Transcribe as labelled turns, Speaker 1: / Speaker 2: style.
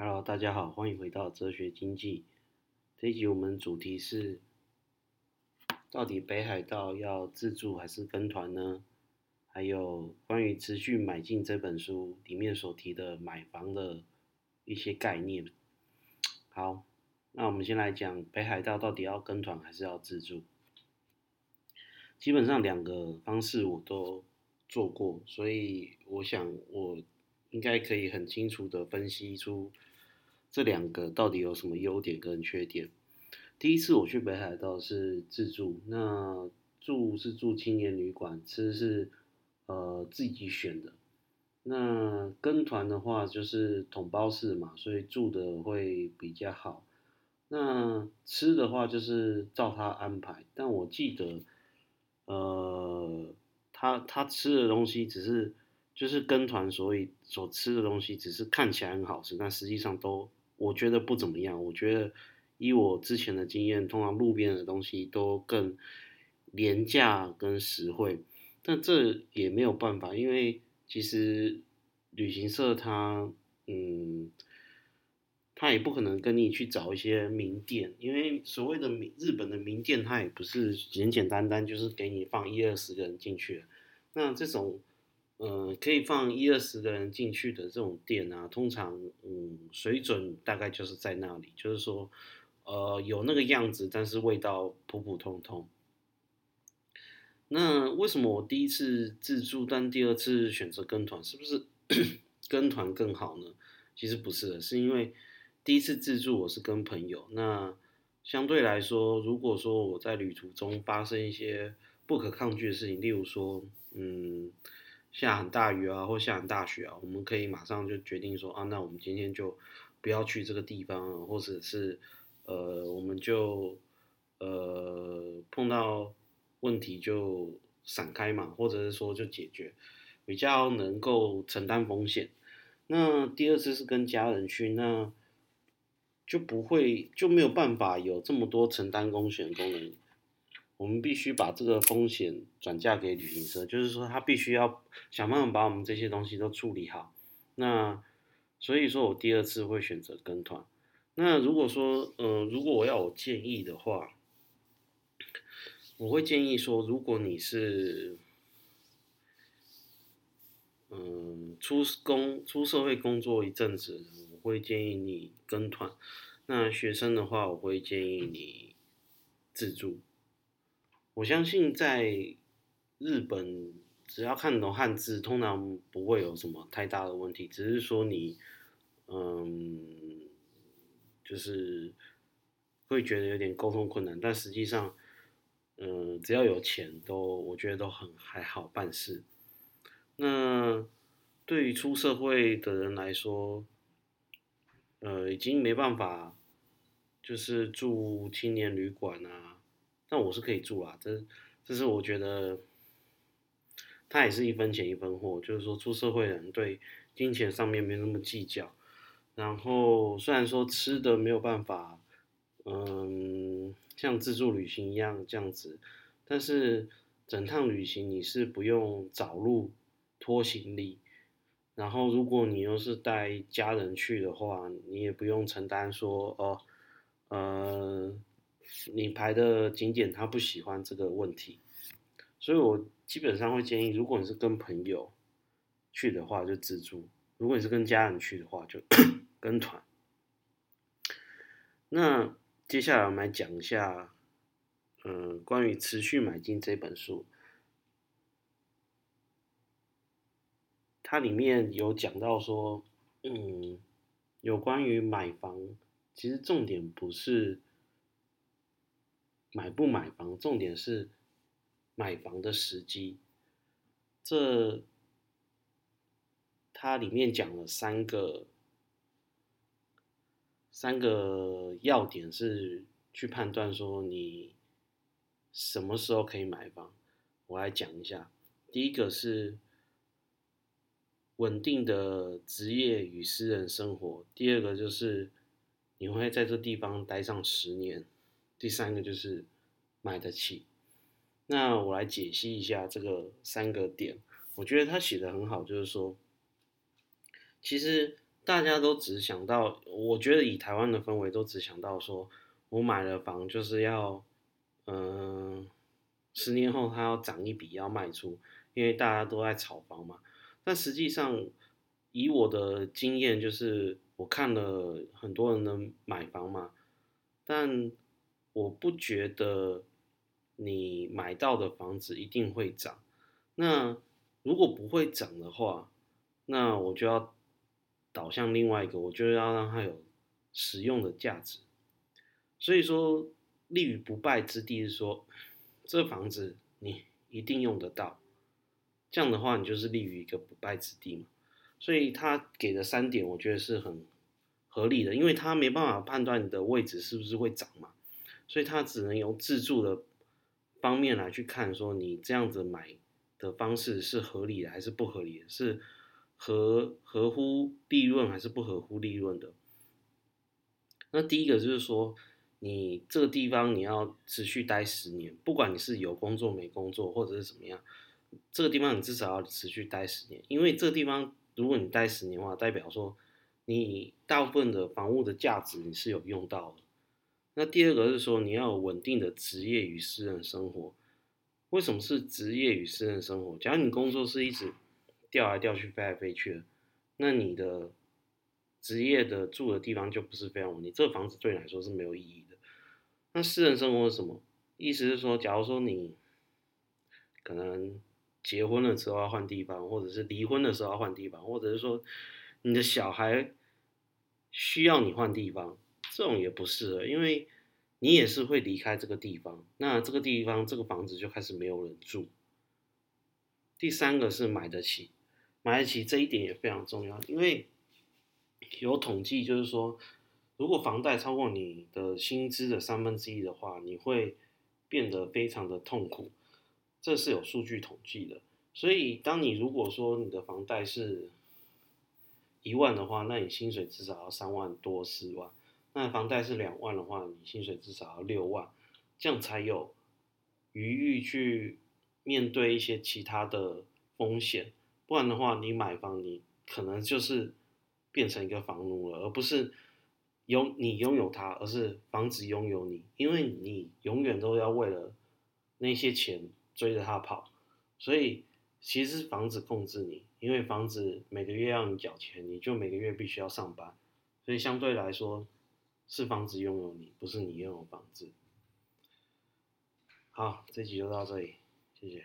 Speaker 1: 哈嘍，大家好，歡迎回到哲學經濟。這一集我們主題是到底北海道要自助還是跟團呢？還有關於《持續買進》這本書裡面所提的買房的一些概念。好，那我們先來講北海道到底要跟團還是要自助？基本上兩個方式我都做過，所以我想我，應該可以很清楚的分析出這兩個到底有什麼優點跟缺點。第一次我去北海道是自助，那住是住青年旅館，吃是呃自己選的。那跟團的話就是統包式嘛，所以住的會比較好。那吃的話就是照他安排，但我記得呃他他吃的東西只是。就是跟團，所以所吃的東西只是看起來很好吃，但實際上都我覺得不怎麼樣。我覺得以我之前的經驗，通常路邊的東西都更廉價跟實惠，但這也沒有辦法，因為其實旅行社他嗯，他也不可能跟你去找一些名店，因為所謂的名日本的名店，他也不是簡簡單單就是給你放一二十個人進去，那這種。嗯、呃，可以放一二十個人進去的這種店啊，通常嗯水準大概就是在那裡，就是說，呃有那個樣子，但是味道普普通通。那為什麼我第一次自助，但第二次選擇跟團，是不是 跟團更好呢？其實不是的，是因為第一次自助我是跟朋友，那相對來說，如果說我在旅途中發生一些不可抗拒的事情，例如說，嗯。下很大雨啊，或下很大雪啊，我們可以馬上就決定說啊，那我們今天就不要去這個地方，或者是呃，我們就呃碰到問題就閃開嘛，或者是說就解決，比較能夠承擔風險。那第二次是跟家人去，那就不會，就沒有辦法有這麼多承擔風險功能。我們必須把這個風險轉嫁給旅行社，就是說他必須要想辦法把我們這些東西都處理好。那所以說我第二次會選擇跟團。那如果說，嗯、呃，如果我要我建議的話，我會建議說，如果你是嗯、呃，出工出社會工作一陣子，我會建議你跟團；那學生的話，我會建議你自助。我相信在日本，只要看懂漢字，通常不會有什麼太大的問題。只是說你，嗯，就是會覺得有點溝通困難。但實際上，嗯，只要有錢都，都我覺得都很還好辦事。那對於出社會的人來說，呃、嗯，已經沒辦法，就是住青年旅館啊。但我是可以住啊，這是這是我覺得，他也是一分錢一分貨，就是說出社會人對金錢上面沒那麼計較。然後雖然說吃的沒有辦法，嗯，像自助旅行一樣這樣子，但是整趟旅行你是不用找路拖行李，然後如果你又是帶家人去的話，你也不用承擔說哦，嗯。你排的景點他不喜歡這個問題，所以我基本上會建議，如果你是跟朋友去的話，就自助；如果你是跟家人去的話就，就 跟團。那接下來我們來講一下，嗯，關於《持續買進》這本書，它裡面有講到說，嗯，有關於買房，其實重點不是。買不買房，重點是買房的時機。這它裡面講了三個三個要點，是去判斷說你什麼時候可以買房。我來講一下，第一個是穩定的職業與私人生活，第二個就是你會在這地方待上十年。第三個就是買得起。那我來解析一下這個三個點。我覺得他寫的很好，就是說，其實大家都只想到，我覺得以台灣的氛圍都只想到說，我買了房就是要，嗯、呃，十年後他要漲一筆要賣出，因為大家都在炒房嘛。但實際上，以我的經驗就是，我看了很多人的買房嘛，但。我不覺得你買到的房子一定會漲，那如果不會漲的話，那我就要導向另外一個，我就要讓它有使用的價值。所以說，立於不敗之地是說，這房子你一定用得到，這樣的話你就是立於一個不敗之地嘛。所以他給的三點，我覺得是很合理的，因為他沒辦法判斷你的位置是不是會漲嘛。所以，他只能由自住的方面來去看，說你這樣子買的方式是合理的還是不合理的，是合合乎利潤還是不合乎利潤的。那第一個就是說，你這個地方你要持續待十年，不管你是有工作沒工作或者是怎麼樣，這個地方你至少要持續待十年，因為這個地方如果你待十年的話，代表說你大部分的房屋的價值你是有用到的。那第二個是說，你要有穩定的職業與私人生活。為什麼是職業與私人生活？假如你工作是一直調來調去、飛來飛去的，那你的職業的住的地方就不是非常穩定，這個房子對你來說是沒有意義的。那私人生活是什麼？意思是說，假如說你可能結婚的時候要換地方，或者是離婚的時候要換地方，或者是說你的小孩需要你換地方。這種也不是，因為你也是會離開這個地方，那這個地方這個房子就開始沒有人住。第三個是買得起，買得起這一點也非常重要，因為有統計就是說，如果房貸超過你的薪資的三分之一的話，你會變得非常的痛苦，這是有數據統計的。所以，當你如果說你的房貸是一萬的話，那你薪水至少要三萬多四萬。那房貸是兩萬的話，你薪水至少要六萬，這樣才有餘裕去面對一些其他的風險。不然的話，你買房，你可能就是變成一個房奴了，而不是有你擁有它，而是房子擁有你。因為你永遠都要為了那些錢追着它跑，所以其實是房子控制你，因為房子每個月要你繳錢，你就每個月必須要上班，所以相對來說。是房子擁有你，不是你擁有房子。好，這集就到這裡，謝謝。